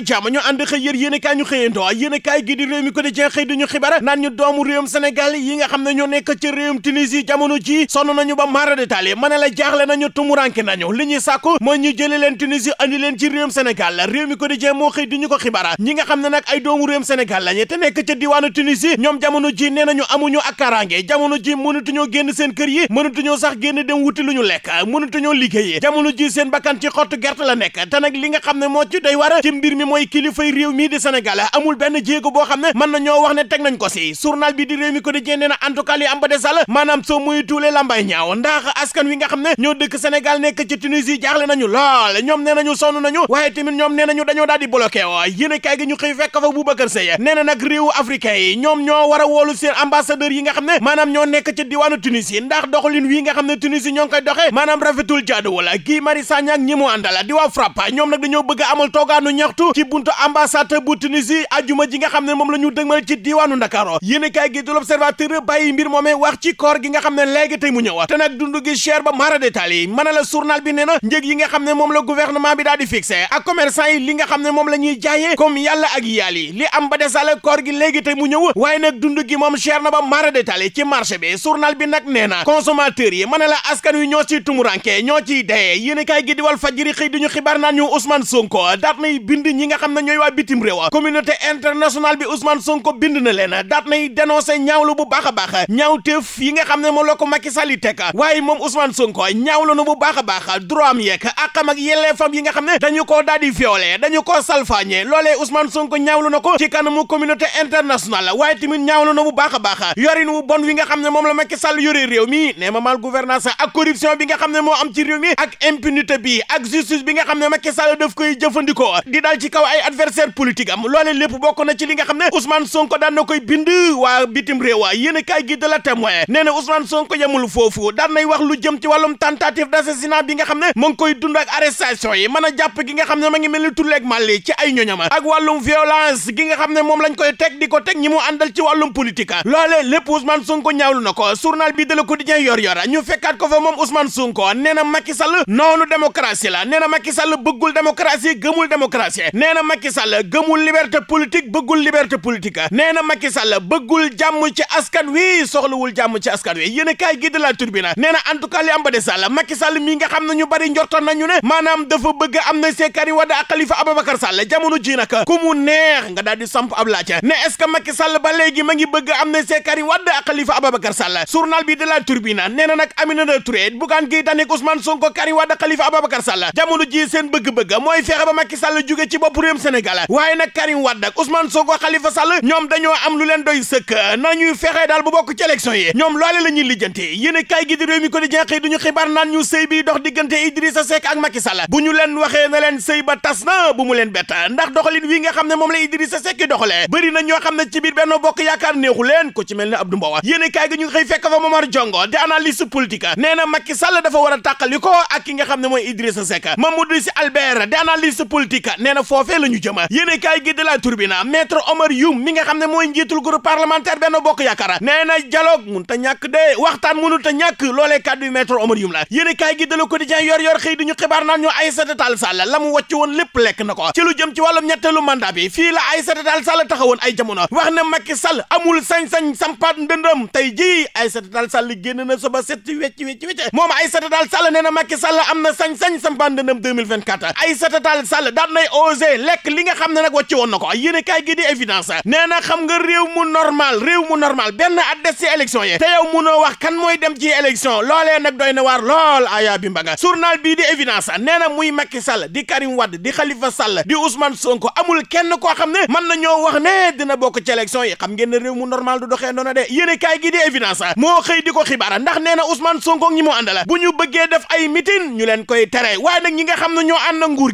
ak jàmm ñu ànd xëy yër yéen i kaay ñu xëyandoo yéen i gi di réew mi ko di jeex xëy dañu xibaar naan ñu doomu réewum Sénégal yi nga xam ne ñoo nekk ci réewum Tunisie jamono ji sonn nañu ba mara détaillé ma ne la jaaxle nañu tumuranke nañu li ñuy sàkku mooy ñu jëli leen Tunisie andi leen ci réewum Sénégal réew mi ko di moo xëy di ñu ko xibaar ñi nga xam ne nag ay doomu réewum Sénégal lañu te nekk ca diwaanu Tunisie ñoom jamono ji nee nañu amuñu mooy kilifay réew mii di Sénégal amul benn jéego boo xam ne mën na ñoo wax ne teg nañ ko si journal bi di réew mi ko di jëndee na en tout cas li am ba lambay ñaaw ndax askan wi nga xam ne ñoo dëkk Sénégal nekk ci Tunisie jaaxle nañu lool ñoom nee nañu sonn nañu waaye tamit ñoom nee nañu dañoo daal di bloqué woo yéen a kaay gi ñu xëy fekk fa Boubacar Seye nee na nag réewu africain yi ñoom ñoo war a woolu seen ambassadeur yi nga xam n maanaam ñoo nekk ci diwaanu Tunisie ndax doxalin wii nga xam ne Tunisie ñoo ngi koy doxee maanaam rafetul jaaduwul Guy Marius Sagna ak ñi mu àndal di waa FRAPP ñoom nag dañoo bëgg amal toogaanu ñaxtu noonu ci buntu ambassade bu Tunisie ajuma ji nga xam ne moom la ñu dëgmal ci diiwaanu Ndakaaru yéene kaay gi de l'Observateur bàyyi mbir moomee wax ci koor gi nga xam ne léegi tey mu ñëw te nag dund gi cher ba mara détail yi mën la journal bi nee na njëg yi nga xam ne moom la gouvernement bi daal di fixé ak commerçant yi li nga xam ne moom la ñuy jaayee comme yàlla ak yàlli li am ba desale koor gi léegi tey mu ñëw waaye nag dund gi moom cher na ba mara détail ci marché bi journal bi nag nee na consommateurs yi mën la askan wi ñoo ciy tumuranke ñoo ciy dee yéene kaay gi di Walf Fadjri xëy duñu xibaar naan ñu Ousmane Sonko daat nay bind ñi nga xam ne ñooy waa bitim réew communauté internationale bi Ousmane Sonko bind na leen daat nay dénoncé ñaawlu bu baax a baax ñaawteef yi nga xam ne moom la ko Macky Sall yi teg waaye moom Ousmane Sonko ñaawlu na bu baax a baax droit am yeeg àqam yi nga xam ne dañu koo daal di violé dañu koo salfaañe loolee Ousmane Sonko ñaawlu na ko ci kanamu communauté internationale waaye tamit ñaawlu na bu baax a baax yorin wu bon wi nga xam ne moom la Macky Sall yore réew mi nee ma mal nga xam ne moo am ci réew mi bi bi nga xam ne Macky Sall daf koy jëfandikoo kaw ay adversaire politique am loolee lépp bokk na ci li nga xam ne Ousmane Sonko daan na koy bind waa bitim réew waa yéen a kaay gi de la témoin nee na Ousmane Sonko yemul foofu daan nay wax lu jëm ci wàllum tentative d'assassinat bi nga xam ne ma ngi koy dund ak arrestation yi mën a jàpp gi nga ne ma ngi mel ni tulleeg màlli ci ay ñoñama ak wàllum violence gi nga xam ne moom lañ koy teg di ko teg ñi mu àndal ci wàllum politique loolee lépp Ousmane Sonko ñaawlu na ko journal bi de Le Quotidien yor yor ñu fekkaat ko fa moom Ousmane Sonko nee na Macky Sall noonu démocratie la nee na Macky Sall bëggul démocratie gëmul démocratie nee na Macky Sall gëmul liberté politique bëggul liberte politique nee na Macky Sall bëggul jàmm ci askan wi soxlawul jàmm ci askan wi yéen a kaay gi de la Tribune nee na en tout cas li am ba Sall Macky Sall mii nga xam ne ñu bari njortoon ñu ne maanaam dafa bëgg am na see Karim Wade ak Khalifa Ababacar Sall jamono jii nag ku mu neex nga daal di samp ab laaj ne est-ce que Macky Sall ba léegi ma ngi bëgg am na see Karim Wade ak Khalifa Ababacar Sall bi de la Tribune nee na nag Aminata Touré Bougane Gueye Dany Ousmane Sonko Karim Wade Khalifa Ababacar Sall jamono ji seen bëgg ba Macky Sall jóge ci bopp bopp réewum Sénégal waaye nag Karim Wade ak Ousmane Sonko Khalifa Sall ñoom dañoo am lu leen doy sëkk nañuy fexe daal bu bokk ci élection yi ñoom loole la ñuy lijjanti yéen a kaay gi di réew mi quotidien xëy duñu xibaar naan ñu sëy dox diggante Idrissa Seck ak Macky Sall bu ñu leen waxee na leen sëy ba tas na bu mu leen bett ndax doxalin wi nga xam ne moom la Idrissa Seck doxalee bëri na ñoo xam ne ci biir Benno Bokk Yaakaar neexu leen ku ci mel ne Abdou Mbow yéen ne mooy foofee la ñu jëma yéen kaay gi de la turbina maître Omar Youm mi nga xam ne mooy njiitul groupe parlementaire Benno Bokk Yaakaar nee na mun ta ñàkk de waxtaan mënu ta ñàkk loolee kàddu yu maître Omar Youm la yéen kaay gi de la quotidien yor yor xëy ñu xibaar naan ñu Aïssata Tall Sall la mu wàcc woon lépp lekk na ko ci lu jëm ci wàllum ñetteelu mandat bi fii la Aïssata Tall Sall taxawoon ay jamono wax ne Macky Sall amul sañ-sañ sampaat ndëndëm tey xëyee lekk li nga xam ne nag wàcc woon na ko yéen a kaay gi di évidence nee na xam nga réew mu normal réew mu normal benn at des ci élection yi te yow munoo wax kan mooy dem ci élection loolee nag doy na waar lool ayaa bi mba nga journal bii di évidence nee na muy Macky Sall di Karim Wade di Khalifa Sall di Ousmane Sonko amul kenn koo xam ne man na ñoo wax ne dina bokk ci élection yi xam ngeen ne réew mu normal du doxee noonu de yéen a kaay gi di évidence moo xëy di ko xibaara ndax nee na Ousmane Sonko ñi mu àndala bu ay meeting ñu leen koy tere waaye nag ñi nga xam ne ñoo ànd nguur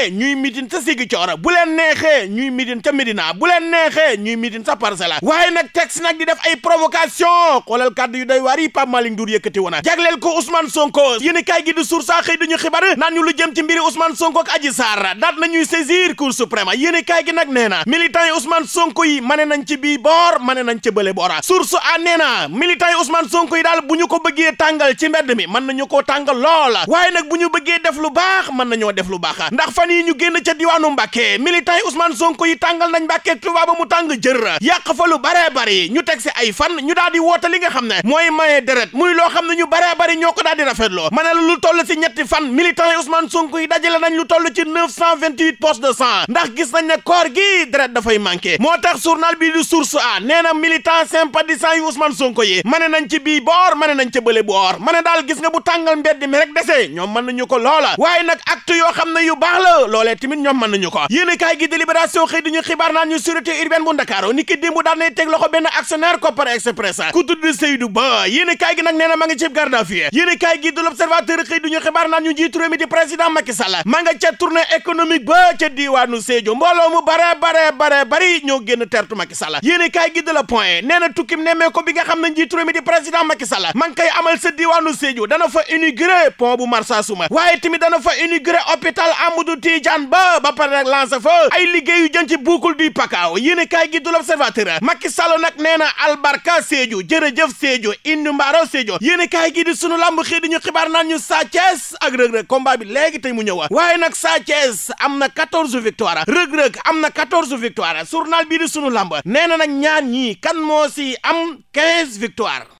neexee ñuy mitin sa sigi coora bu leen neexee ñuy mitin ca Medina bu leen neexee ñuy mitin sa Parcelles waaye nag texte nag di def ay provocation xoolal kàddu yu doy waar yi Pape Malick Ndour yëkkati woon jagleel ko Ousmane Sonko yéen kaay gi di source xëy duñu xibaar naan ñu lu jëm ci mbiri Ousmane Sonko ak Adji Sarr daat nañuy saisir Cour suprême yéen kaay gi nag nee na militant yi Ousmane Sonko yi mane nañ ci bii boor mane nañ ci bële boora source a nee na militant yi Sonko yi daal bu ñu ko bëggee tàngal ci mbedd mi mën nañu koo tàngal loola waaye nag bu ñu bëggee def lu baax mën nañoo def lu baax ndax fan yi ñu génn ca diwaanu Mbàkke militant yi Ousmane Sonko yi tàngal nañ Mbàkke Tuubaa ba mu tàng jër yàq fa lu baree bari ñu teg si ay fan ñu daal di woote li nga xam ne mooy maye deret muy loo xam ne ñu baree bari ñoo ko daal di rafetloo ma ne lu toll si ñetti fan militant yi Ousmane Sonko yi dajale nañ lu toll ci 928 poches de sang ndax gis nañ ne koor gi deret dafay manqué moo tax surnal bi di source a nee na militant sympathisant yu Ousmane Sonko yi mane nañ ci bii boor mane nañ ca bële boor mane daal gis nga bu tàngal mbedd mi rek ñoom mën nañu ko loola waaye nag acte yoo xam ne yu baax la loolee tamit ñoom mën nañu ko yéen kaay gi délibération ñu xibaar naan ñu sûreté urbaine bu Ndakaaru ni ki démb daan nay teg loxo benn actionnaire Copar Express ku tudd Seydou Ba yéen kaay gi nag nee ma nga ci garde à vue yéen kaay gi de ñu xibaar naan ñu njiitu mi di président Macky Sall ma nga ca tournée économique ba ca diwaanu Sédhiou mbooloo mu bare bare bare bari ñoo génn tertu Macky Sall yéen kaay gi de la point Tidiane Ba ba pare nag lancer fa ay liggéey yu jëm ci buukul du pakaaw yéen a kaay gi du l'Observateur Macky Sall nag nee na albarka Sédhiou jërëjëf Sédhiou indi mbaaro Sédhiou yéen a kaay gi di sunu lamb xëy di ñu xibaar naan ñu Sa Thiès ak Reug Reug bi léegi tey mu ñëwa waaye nag Sa Thiès am na 14 victoire Reug Reug am na 14 victoire journal bii di sunu lamb nee na nag ñaan ñii kan moo si am 15 victoire